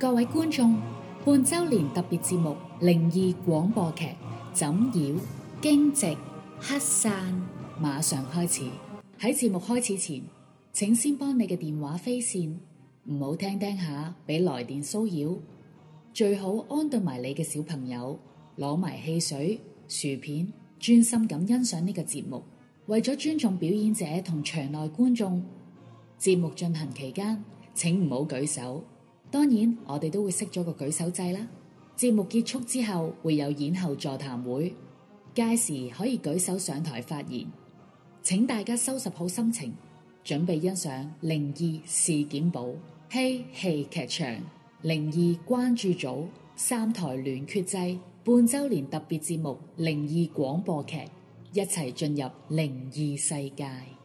各位觀眾，半周年特別節目《靈異廣播劇》《枕妖》《驚蟄》《黑傘》馬上開始。喺節目開始前，請先幫你嘅電話飛線，唔好聽聽下俾來電騷擾。最好安頓埋你嘅小朋友，攞埋汽水、薯片，專心咁欣賞呢個節目。為咗尊重表演者同場內觀眾，節目進行期間，請唔好舉手。當然，我哋都會識咗個舉手制啦。節目結束之後會有演後座談會，屆時可以舉手上台發言。請大家收拾好心情，準備欣賞《靈異事件簿》、Hey! 戲劇場、靈異關注組、三台聯袂製，半周年特別節目《靈異廣播劇》，一齊進入靈異世界。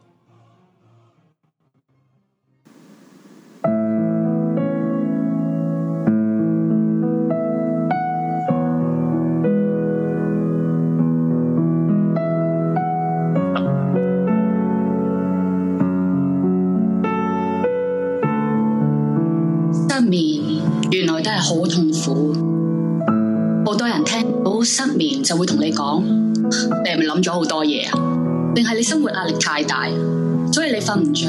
好痛苦，好多人聽到失眠就會同你講，你係咪諗咗好多嘢啊？定係你生活壓力太大，所以你瞓唔着？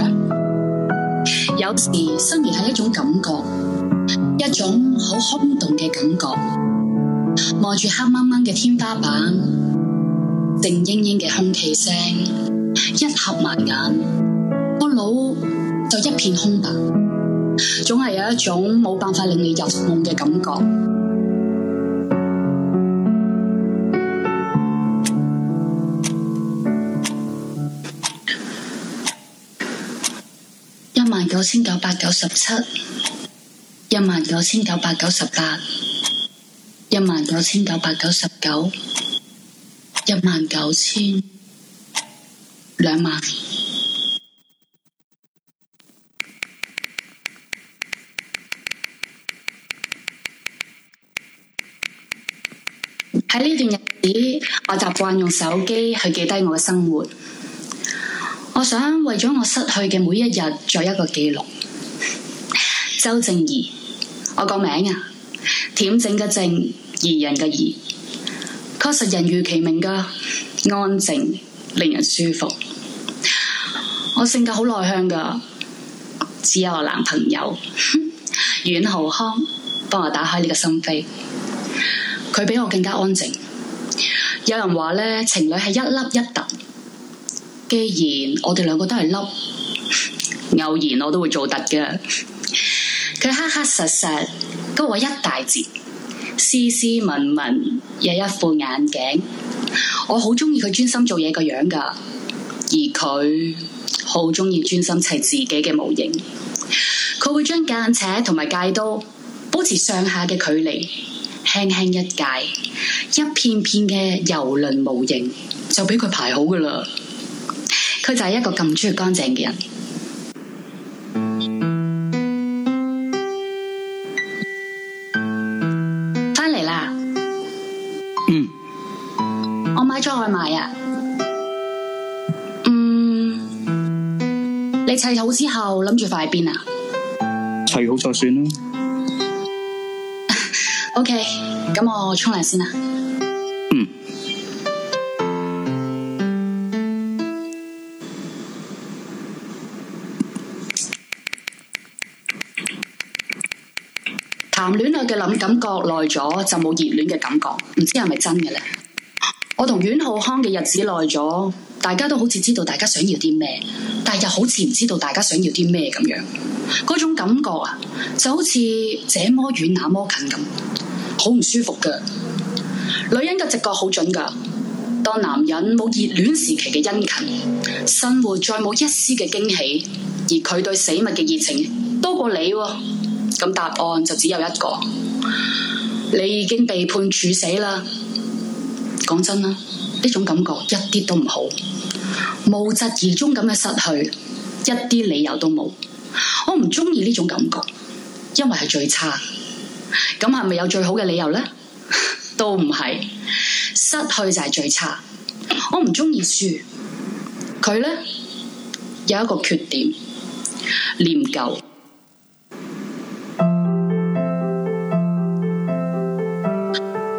有時失眠係一種感覺，一種好空洞嘅感覺。望住黑掹掹嘅天花板，靜英英嘅空氣聲，一合埋眼，個腦就一片空白。總係有一種冇辦法令你入夢嘅感覺。一萬九千九百九十七，一萬九千九百九十八，一萬九千九百九十九，一萬九千兩萬。喺呢段日子，我習慣用手機去記低我嘅生活。我想為咗我失去嘅每一日做一個記錄。周靜怡，我個名啊，恬靜嘅靜，怡人嘅怡，確實人如其名噶，安靜，令人舒服。我性格好內向噶，只有我男朋友阮浩康幫我打開你個心扉。佢比我更加安靜。有人話咧，情侶係一粒一凸。既然我哋兩個都係粒，偶然我都會做凸嘅。佢黑黑實實，高我一大截，斯斯文文，有一副眼鏡。我好鍾意佢專心做嘢個樣噶，而佢好鍾意專心砌自己嘅模型。佢會將間尺同埋戒刀保持上下嘅距離。輕輕一解，一片片嘅郵輪模型就俾佢排好噶啦。佢就係一個咁中意乾淨嘅人。翻嚟啦！嗯 我買咗外賣啊。嗯，你砌好之後諗住放喺邊啊？砌好再算啦。OK，咁我沖涼先啦。嗯。談戀愛嘅諗感覺耐咗就冇熱戀嘅感覺，唔知係咪真嘅咧？我同阮浩康嘅日子耐咗，大家都好似知道大家想要啲咩，但又好似唔知道大家想要啲咩咁樣。嗰種感覺啊，就好似這麼遠那麼近咁。好唔舒服噶，女人嘅直覺好準噶。當男人冇熱戀時期嘅殷勤，生活再冇一絲嘅驚喜，而佢對死物嘅熱情多過你，咁答案就只有一個。你已經被判處死啦！講真啦，呢種感覺一啲都唔好，無疾而終咁嘅失去，一啲理由都冇，我唔中意呢種感覺，因為係最差。咁係咪有最好嘅理由咧？ 都唔係，失去就係最差。我唔中意輸。佢咧有一個缺點，念舊。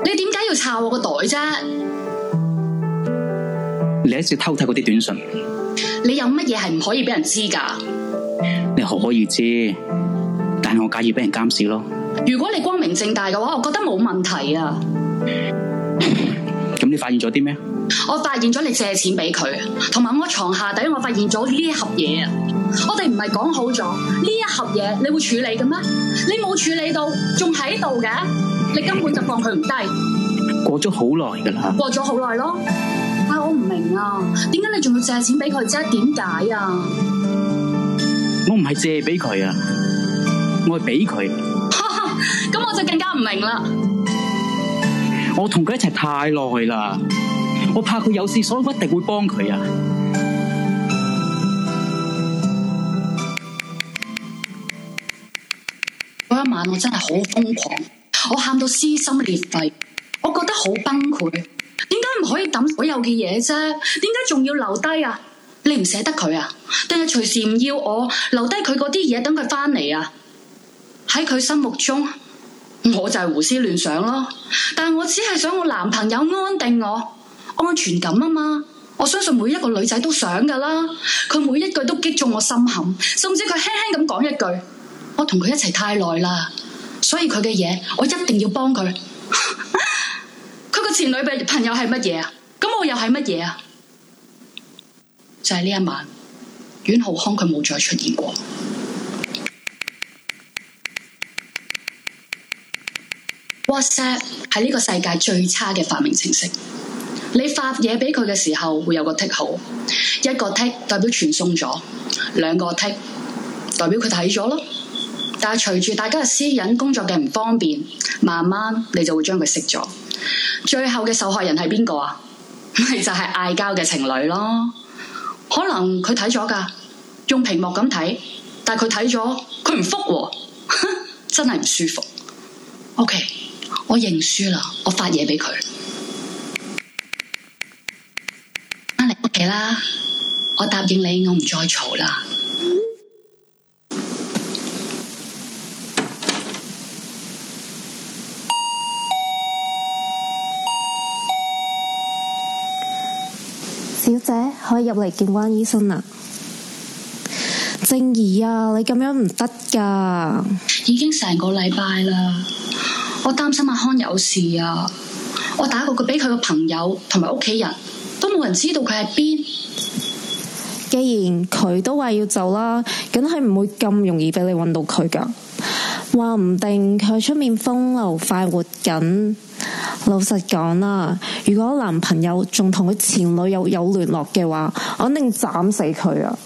你點解要抄我個袋啫？你一次偷睇嗰啲短信。你有乜嘢係唔可以俾人知噶？你何可以知，但係我介意俾人監視咯。如果你光明正大嘅話，我覺得冇問題啊。咁、嗯、你發現咗啲咩？我發現咗你借錢俾佢，同埋我床下底，我發現咗呢一盒嘢啊！我哋唔係講好咗呢一盒嘢你會處理嘅咩？你冇處理到，仲喺度嘅，你根本就放佢唔低。過咗好耐噶啦，過咗好耐咯。哎、啊，我唔明啊，點解你仲要借錢俾佢啫？點解啊？我唔係借俾佢啊，我係俾佢。咁我就更加唔明啦。我同佢一齊太耐啦，我怕佢有事，所以我一定會幫佢啊。嗰 一晚我真係好瘋狂，我喊到撕心裂肺，我覺得好崩潰。點解唔可以抌所有嘅嘢啫？點解仲要留低啊？你唔捨得佢啊？定係隨時唔要我留低佢嗰啲嘢，等佢翻嚟？啊？喺佢心目中。我就係胡思亂想咯，但我只係想我男朋友安定我安全感啊嘛，我相信每一個女仔都想噶啦。佢每一句都擊中我心坎，甚至佢輕輕咁講一句，我同佢一齊太耐啦，所以佢嘅嘢我一定要幫佢。佢 個前女朋友係乜嘢啊？咁我又係乜嘢啊？就係呢一晚，阮浩康佢冇再出現過。WhatsApp 係呢個世界最差嘅發明程式。你發嘢俾佢嘅時候，會有個剔號，一個剔代表傳送咗，兩個剔代表佢睇咗咯。但係隨住大家嘅私隱、工作嘅唔方便，慢慢你就會將佢熄咗。最後嘅受害人係邊個啊？咪就係嗌交嘅情侶咯。可能佢睇咗噶，用屏幕咁睇，但係佢睇咗，佢唔複， 真係唔舒服。OK。我認輸啦！我發嘢俾佢翻嚟屋企啦！我答應你，我唔再嘈啦。小姐，可以入嚟見關醫生啦。靜怡啊！你咁樣唔得噶，已經成個禮拜啦。我擔心阿康有事啊！我打過佢俾佢個朋友同埋屋企人，都冇人知道佢喺邊。既然佢都話要走啦，梗係唔會咁容易俾你搵到佢噶。話唔定佢出面風流快活緊。老實講啦，如果男朋友仲同佢前女友有聯絡嘅話，我肯定斬死佢啊！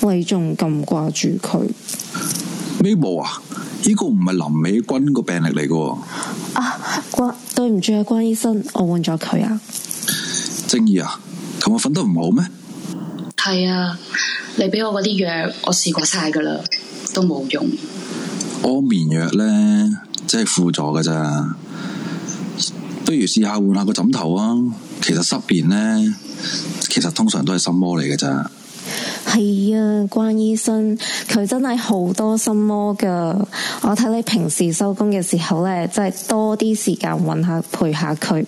喂，仲咁掛住佢？咩冇啊？呢個唔係林美君個病歷嚟噶，啊關，對唔住啊關醫生，我換咗佢啊。正義啊，琴日瞓得唔好咩？係啊，你俾我嗰啲藥我試過晒噶啦，都冇用。安眠藥咧，即係輔助噶咋，不如試下換下個枕頭啊。其實失眠咧，其實通常都係心魔嚟噶咋。係啊、哎，關醫生佢真係好多心魔噶。我睇你平時收工嘅時候呢，真係多啲時間揾下陪下佢。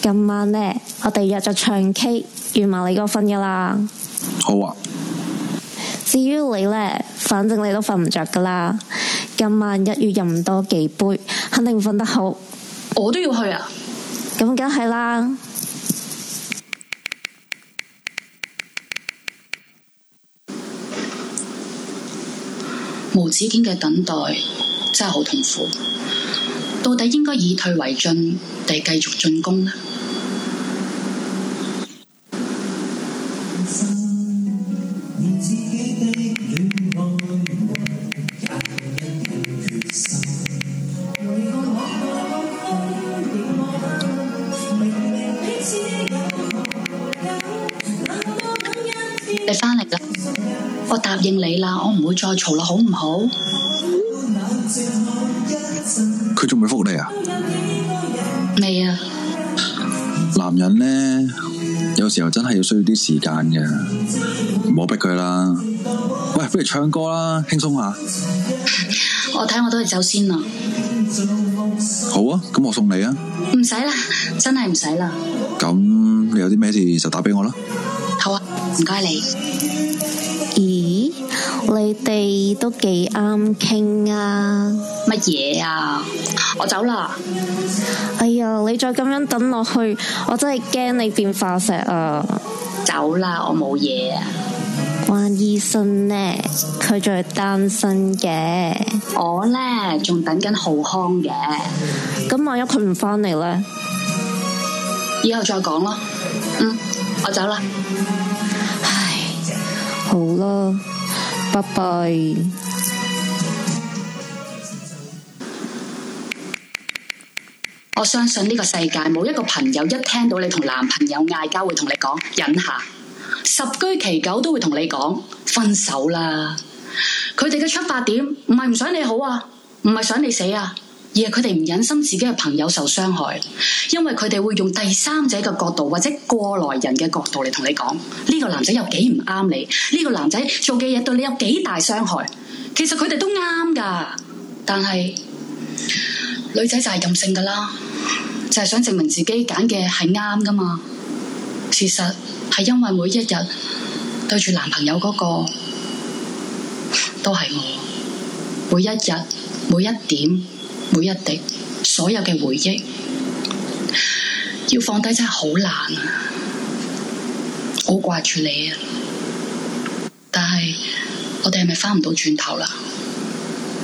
今晚呢，我哋約咗唱 K，預埋你嗰份噶啦。好啊。至於你呢，反正你都瞓唔着噶啦。今晚一於飲多幾杯，肯定瞓得好。我都要去啊。咁梗係啦。無止境嘅等待真係好痛苦，到底應該以退為進定係繼續進攻呢？再嘈啦，好唔好？佢仲未復你啊？未啊。男人咧，有時候真係要需要啲時間嘅，唔好逼佢啦。喂，不如唱歌啦，輕鬆下。我睇我都係走先啦。好啊，咁我送你啊。唔使啦，真係唔使啦。咁你有啲咩事就打俾我啦。好啊，唔該你。嗯。你哋都幾啱傾啊？乜嘢啊？我走啦！哎呀，你再咁樣等落去，我真係驚你變化石啊！走啦，我冇嘢啊！關醫生呢，佢仲係單身嘅，我呢，仲等緊浩康嘅。咁萬一佢唔返嚟呢？以後再講咯。嗯，我走啦。唉，好啦。拜拜我相信呢個世界冇一個朋友一聽到你同男朋友嗌交會同你講忍下，十居其九都會同你講分手啦。佢哋嘅出發點唔係唔想你好啊，唔係想你死啊。嘢，佢哋唔忍心自己嘅朋友受傷害，因為佢哋會用第三者嘅角度或者過來人嘅角度嚟同你講，呢個男仔有幾唔啱你，呢個男仔做嘅嘢對你有幾大傷害。其實佢哋都啱噶，但係女仔就係任性噶啦，就係想證明自己揀嘅係啱噶嘛。事實係因為每一日對住男朋友嗰個都係我，每一日，每一點。每一滴，所有嘅回憶，要放低真係好難啊！好掛住你啊！但係，我哋係咪返唔到轉頭啦？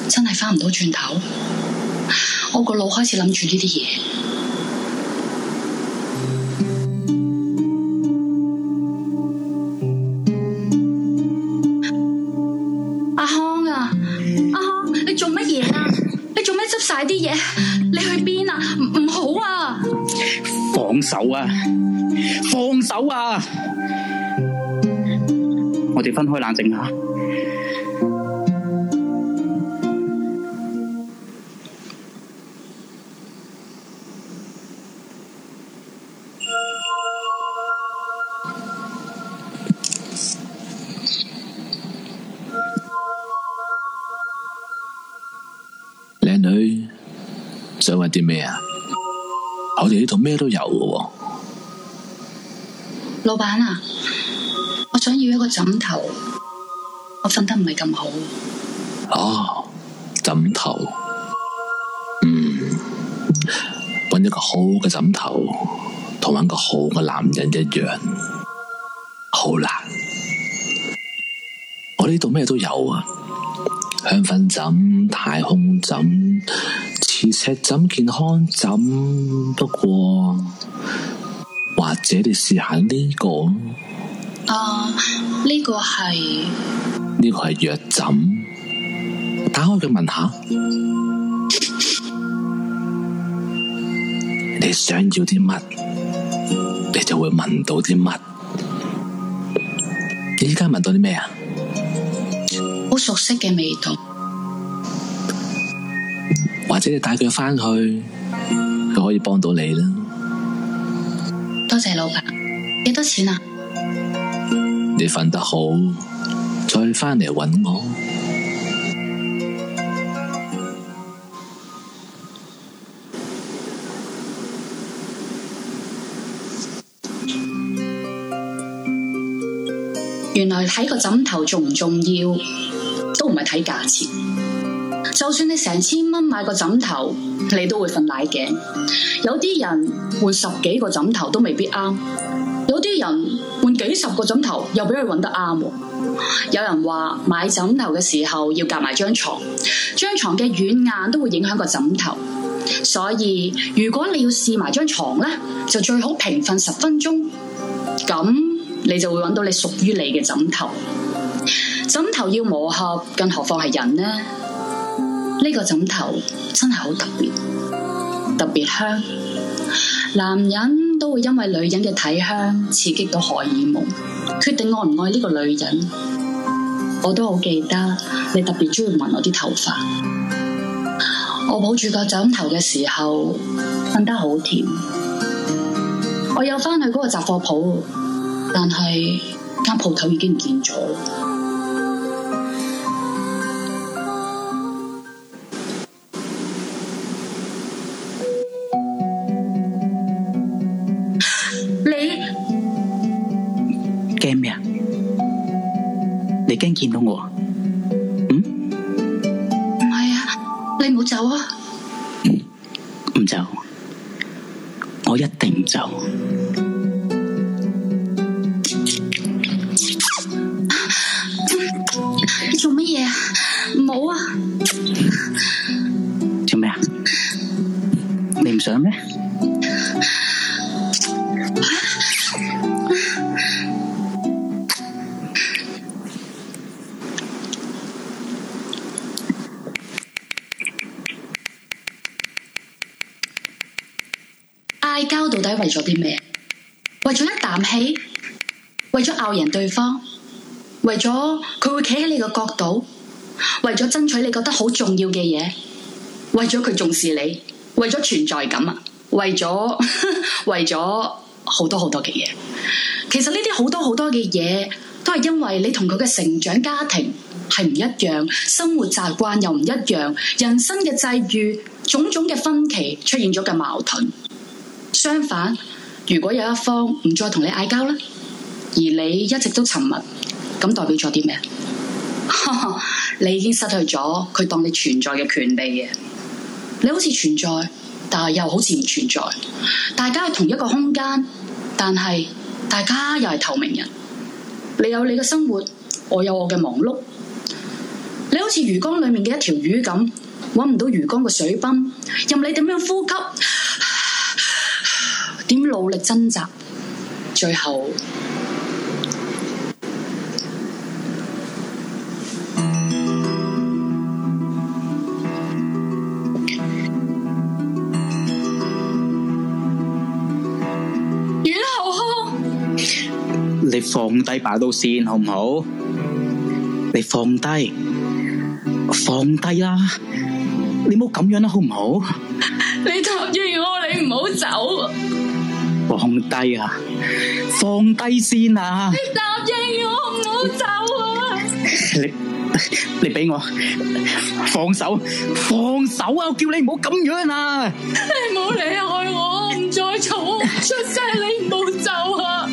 真係返唔到轉頭？我個腦開始諗住呢啲嘢。放手啊！我哋分開冷靜下。靚女，想話啲咩啊？我哋呢度咩都有嘅喎。老闆啊，我想要一個枕頭，我瞓得唔係咁好。哦，枕頭，嗯，揾一個好嘅枕頭，同揾個好嘅男人一樣，好難。我呢度咩都有啊，香粉枕、太空枕、磁石枕、健康枕，不過。或者你試下呢，這個，啊，哦，呢，這個係呢個係藥枕，打開佢聞下， 你想要啲乜，你就會聞到啲乜。你而家聞到啲咩啊？好熟悉嘅味道，或者你帶佢返去，佢可以幫到你啦。多謝老闆，幾多錢啊？你瞓得好，再返嚟搵我。原來睇個枕頭重唔重要，都唔係睇價錢。就算你成千蚊買個枕頭，你都會瞓奶頸，有啲人換十幾個枕頭都未必啱，有啲人換幾十個枕頭又俾佢揾得啱。有人話買枕頭嘅時候要夾埋張床，張床嘅軟硬都會影響個枕頭。所以如果你要試埋張床咧，就最好平瞓十分鐘，咁你就會揾到你屬於你嘅枕頭。枕頭要磨合，更何況係人呢？呢個枕頭真係好特別，特別香。男人都會因為女人嘅體香刺激到荷爾蒙，決定愛唔愛呢個女人。我都好記得，你特別中意聞我啲頭髮。我抱住個枕頭嘅時候，瞓得好甜。我有返去嗰個雜貨鋪，但係間鋪頭已經唔見咗。見到我，嗯，唔係啊，你唔好走啊，唔走，我一定唔走。啊，你做乜嘢啊？唔好啊，做咩啊？你唔想咩？做啲咩？為咗一啖氣，為咗拗贏對方，為咗佢會企喺你嘅角度，為咗爭取你覺得好重要嘅嘢，為咗佢重視你，為咗存在感啊，為咗 為咗好多好多嘅嘢。其實呢啲好多好多嘅嘢，都係因為你同佢嘅成長家庭係唔一樣，生活習慣又唔一樣，人生嘅際遇，種種嘅分歧出現咗嘅矛盾。相反，如果有一方唔再同你嗌交啦，而你一直都沉默，咁代表咗啲咩？你已經失去咗佢當你存在嘅權利嘅。你好似存在，但係又好似唔存在。大家係同一個空間，但係大家又係透明人。你有你嘅生活，我有我嘅忙碌。你好似魚缸裏面嘅一條魚咁，搵唔到魚缸嘅水泵，任你點樣呼吸。努力掙扎，最後浩康。你放低把刀先好唔好？你放低，放低啦！你唔好咁樣啦，好唔好？ 你答應我，你唔好走。放低啊！放低先啊！你答應我唔好走啊！你你俾我放手，放手啊！我叫你唔好咁樣啊！你唔好離開我，唔再吵，出聲你唔好走啊！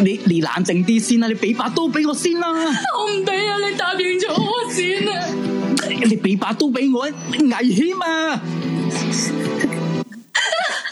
你你冷靜啲先啦，你俾把刀俾我先啦！我唔俾啊！你答應咗我先啊！你俾把刀俾我，危險啊！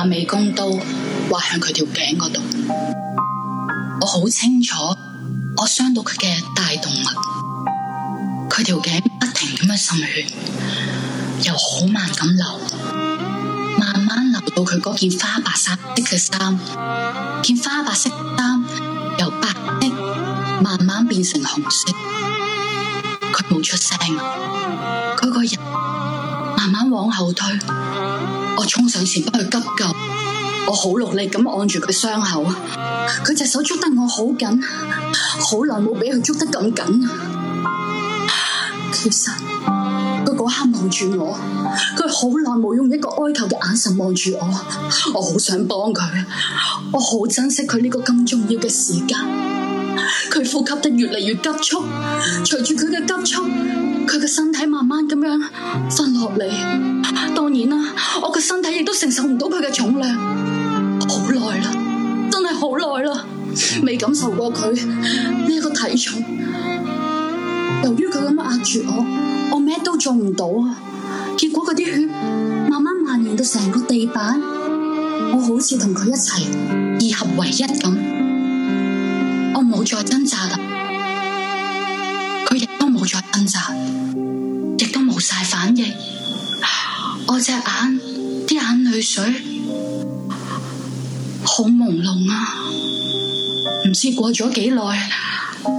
把美工刀劃向佢條頸嗰度，我好清楚，我傷到佢嘅大動脈，佢條頸不停咁樣滲血，又好慢咁流，慢慢流到佢嗰件花白色嘅衫，件花白色衫由白色慢慢變成紅色，佢冇出聲，佢個人慢慢往後推。我衝上前幫佢急救，我好努力咁按住佢傷口，佢隻手捉得我好緊，好耐冇俾佢捉得咁緊。其實佢嗰刻望住我，佢好耐冇用一個哀求嘅眼神望住我，我好想幫佢，我好珍惜佢呢個咁重要嘅時間。佢呼吸得越嚟越急促，隨住佢嘅急促，佢嘅身體慢慢咁樣瞓落嚟。當然啦，我嘅身體亦都承受唔到佢嘅重量。好耐啦，真係好耐啦，未感受過佢呢個體重。由於佢咁樣壓住我，我咩都做唔到啊！結果嗰啲血慢慢蔓延到成個地板，我好似同佢一齊二合為一咁。冇再掙扎啦，佢亦都冇再掙扎，亦都冇晒反應。我隻眼啲眼淚水好朦朧啊，唔知過咗幾耐，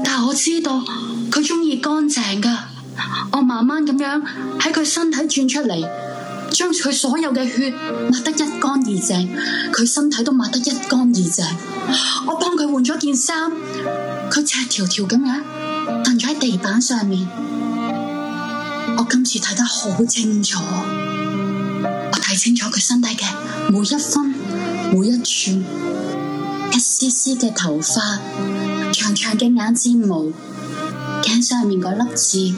但係我知道佢中意乾淨噶。我慢慢咁樣喺佢身體轉出嚟，將佢所有嘅血抹得一乾二淨，佢身體都抹得一乾二淨。佢換咗件衫，佢赤條條咁樣，蹲喺地板上面。我今次睇得好清楚，我睇清楚佢身體嘅每一分、每一寸、一絲絲嘅頭髮、長長嘅眼睫毛、頸上面個粒痣。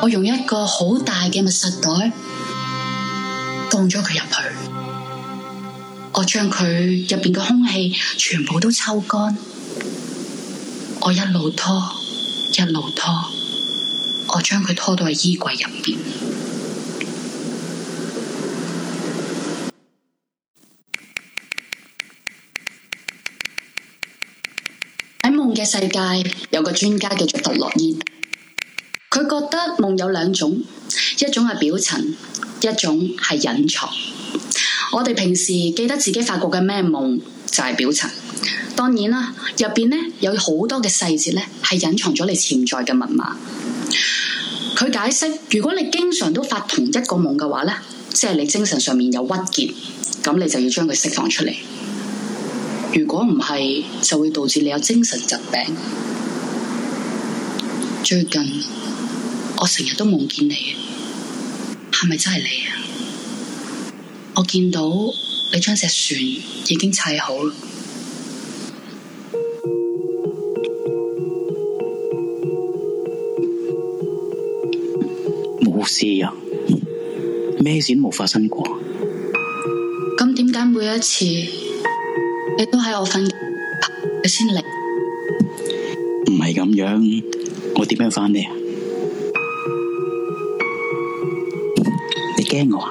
我用一個好大嘅密實袋，放咗佢入去。我將佢入面嘅空氣全部都抽乾，我一路拖，一路拖，我將佢拖到喺衣櫃入面。喺夢嘅世界，有個專家叫做弗洛伊德，佢覺得夢有兩種，一種係表層，一種係隱藏。我哋平時記得自己發過嘅咩夢就係表層，當然啦，入邊咧有好多嘅細節咧係隱藏咗你潛在嘅密碼。佢解釋，如果你經常都發同一個夢嘅話咧，即係你精神上面有鬱結，咁你就要將佢釋放出嚟。如果唔係，就會導致你有精神疾病。最近我成日都夢見你，係咪真係你啊？我見到你將隻船已經砌好啦，冇事啊，咩事都冇發生過。咁點解每一次你都喺我瞓，你先嚟？唔係咁樣，我點樣翻？呢？你驚我啊？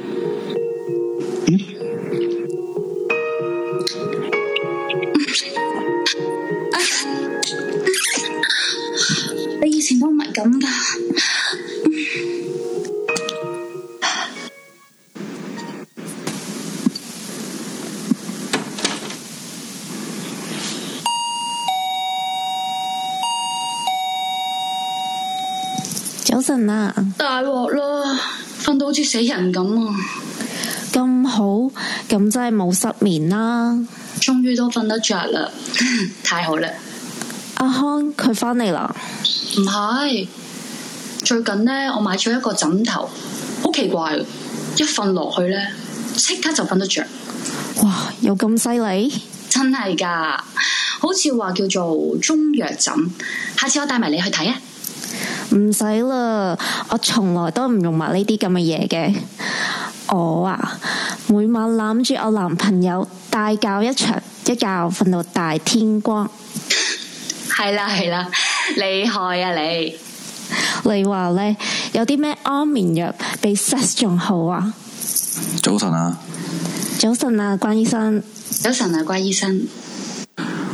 死人咁啊！咁好，咁真係冇失眠啦。終於都瞓得着啦， 太好啦了！阿康，佢翻嚟啦？唔係，最近咧我買咗一個枕頭，好奇怪，一瞓落去咧，即刻就瞓得着。哇！有咁犀利，真係噶，好似話叫做中藥枕。下次我帶埋你去睇啊！唔使啦，我從來都唔用埋呢啲咁嘅嘢嘅。我啊，每晚攬住我男朋友大覺一場，一覺瞓到大天光。係啦，係啦，厲害啊你！你話呢，有啲咩安眠藥比 sex 仲好啊？早晨啊！早晨啊，關醫生。早晨啊，關醫生。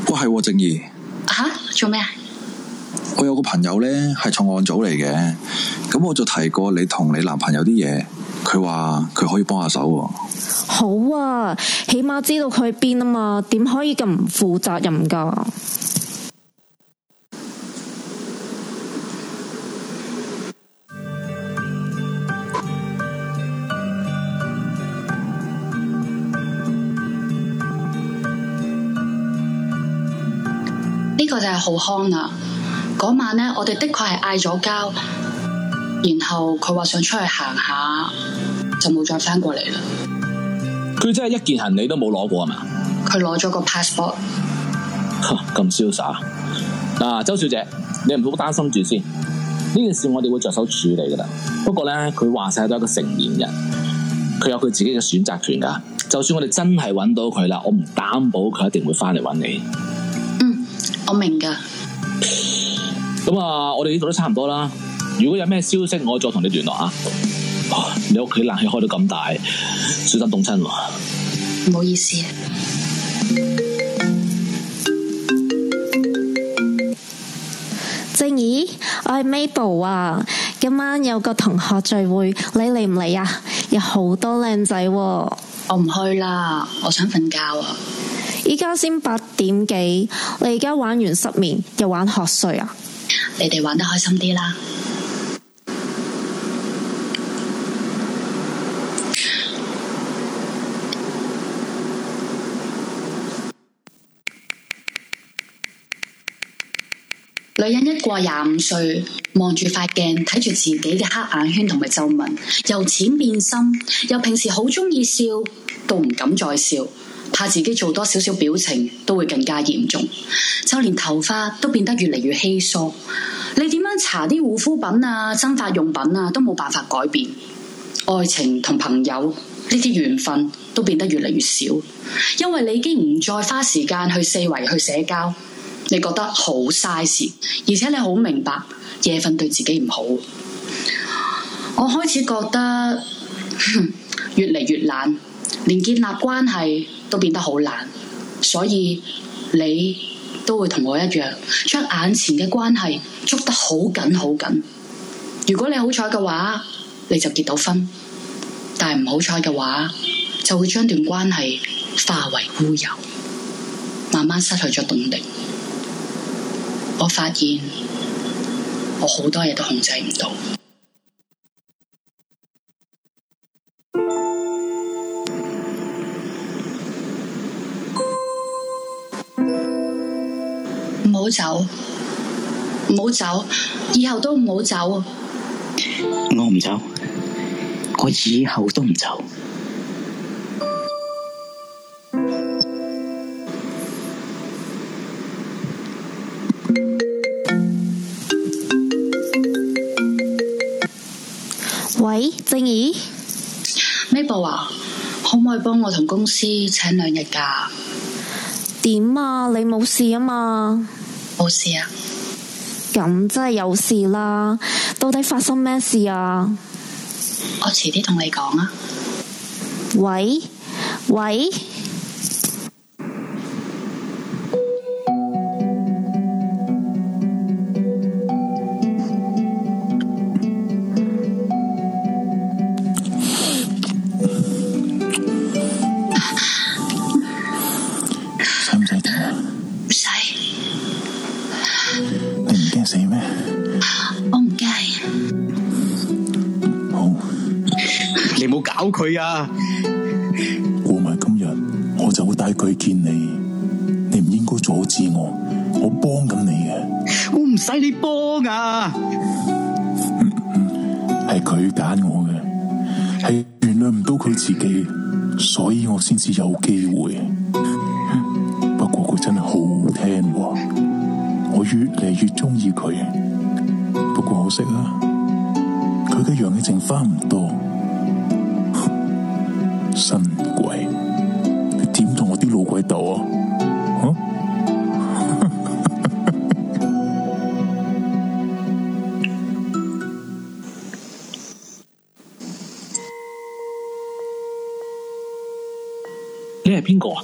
我係、哦、靜怡。吓？做咩啊？我有個朋友咧，係重案組嚟嘅，咁我就提過你同你男朋友啲嘢，佢話佢可以幫下手。好啊，起碼知道佢喺邊啊嘛，點可以咁唔負責任噶？呢個就係浩康啦。嗰晚咧，我哋的確係嗌咗交，然後佢話想出去行下，就冇再翻過嚟啦。佢真係一件行李都冇攞過係嘛？佢攞咗個 passport。吓，咁瀟灑嗱，周小姐，你唔好擔心住先。呢件事我哋會着手處理噶啦。不過咧，佢話晒都係一個成年人，佢有佢自己嘅選擇權噶。就算我哋真係揾到佢啦，我唔擔保佢一定會翻嚟揾你。嗯，我明噶。咁啊，我哋呢度都差唔多啦。如果有咩消息，我再同你聯絡啊。你屋企冷氣開到咁大，小心凍親。唔好意思，靜怡，我係 Mabel 啊。今晚有個同學聚會，你嚟唔嚟啊？有好多靚仔啊。我唔去啦，我想瞓覺啊。依家先八點幾，你而家玩完失眠又玩瞌睡啊？你哋玩得開心啲啦！女人一過廿五歲，望住塊鏡，睇住自己嘅黑眼圈同埋皺紋，由淺變深，由平時好鍾意笑，到唔敢再笑。怕自己做多少少表情都會更加嚴重，就連頭髮都變得越嚟越稀疏。你點樣搽啲護膚品啊、生髮用品啊，都冇辦法改變。愛情同朋友呢啲緣分都變得越嚟越少，因為你已經唔再花時間去四圍去社交，你覺得好嘥時，而且你好明白夜瞓對自己唔好。我開始覺得越嚟越懶，連建立關係。都變得好難，所以你都會同我一樣，將眼前嘅關係捉得好緊好緊。如果你好彩嘅話，你就結到婚；但係唔好彩嘅話，就會將段關係化為烏有，慢慢失去咗動力。我發現我好多嘢都控制唔到。唔好走，唔好走，以後都唔好走。我唔走，我以後都唔走。喂，靜怡，Mabel 啊？可唔可以幫我同公司請兩日假？點啊？你冇事啊嘛？冇事啊，咁真係有事啦！到底發生咩事啊？我遲啲同你講啊。喂，喂。過埋今日，我就會帶佢見你。你唔應該阻止我，我幫緊你嘅。我唔使你幫㗎，係佢揀我嘅，係原諒唔到佢自己，所以我先至有機會。 不過佢真係好聽話，我越嚟越中意佢。不過可惜啊，佢嘅陽氣剩返唔多。新鬼，你點同我啲老鬼鬥啊？哈！你係邊個啊？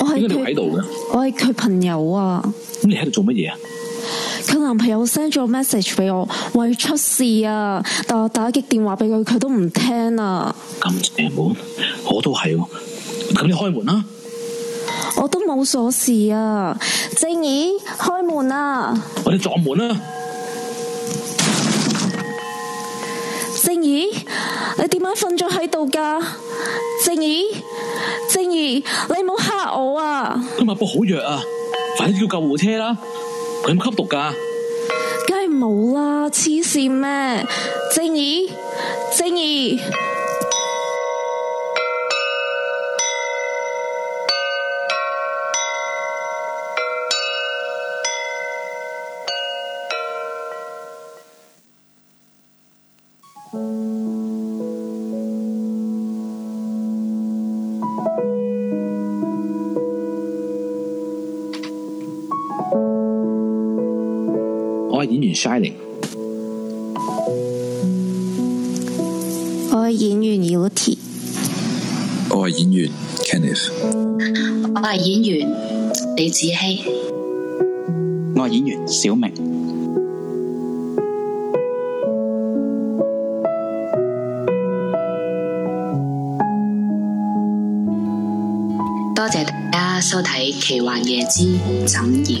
我係佢，我係佢朋友啊。咁你喺度做乜嘢啊？佢男朋友 send 咗 message 俾我，話要出事啊！但我打極電話俾佢，佢都唔聽啊！咁邪門，我都係、啊，咁你開門啦！我都冇鎖匙啊！靜怡，開門啊！我哋撞門啊！靜怡，你點解瞓咗喺度噶？靜怡，靜怡，你唔好嚇我啊！今日波好弱啊，快啲叫救護車啦！佢點吸毒㗎？梗係冇啦，黐線咩？靜怡，靜怡！Sh 我係演員姚鐵，我係演員 Kenneth，我係演員李子希，我係演員小明。多謝大家收睇《奇幻夜之枕妖》。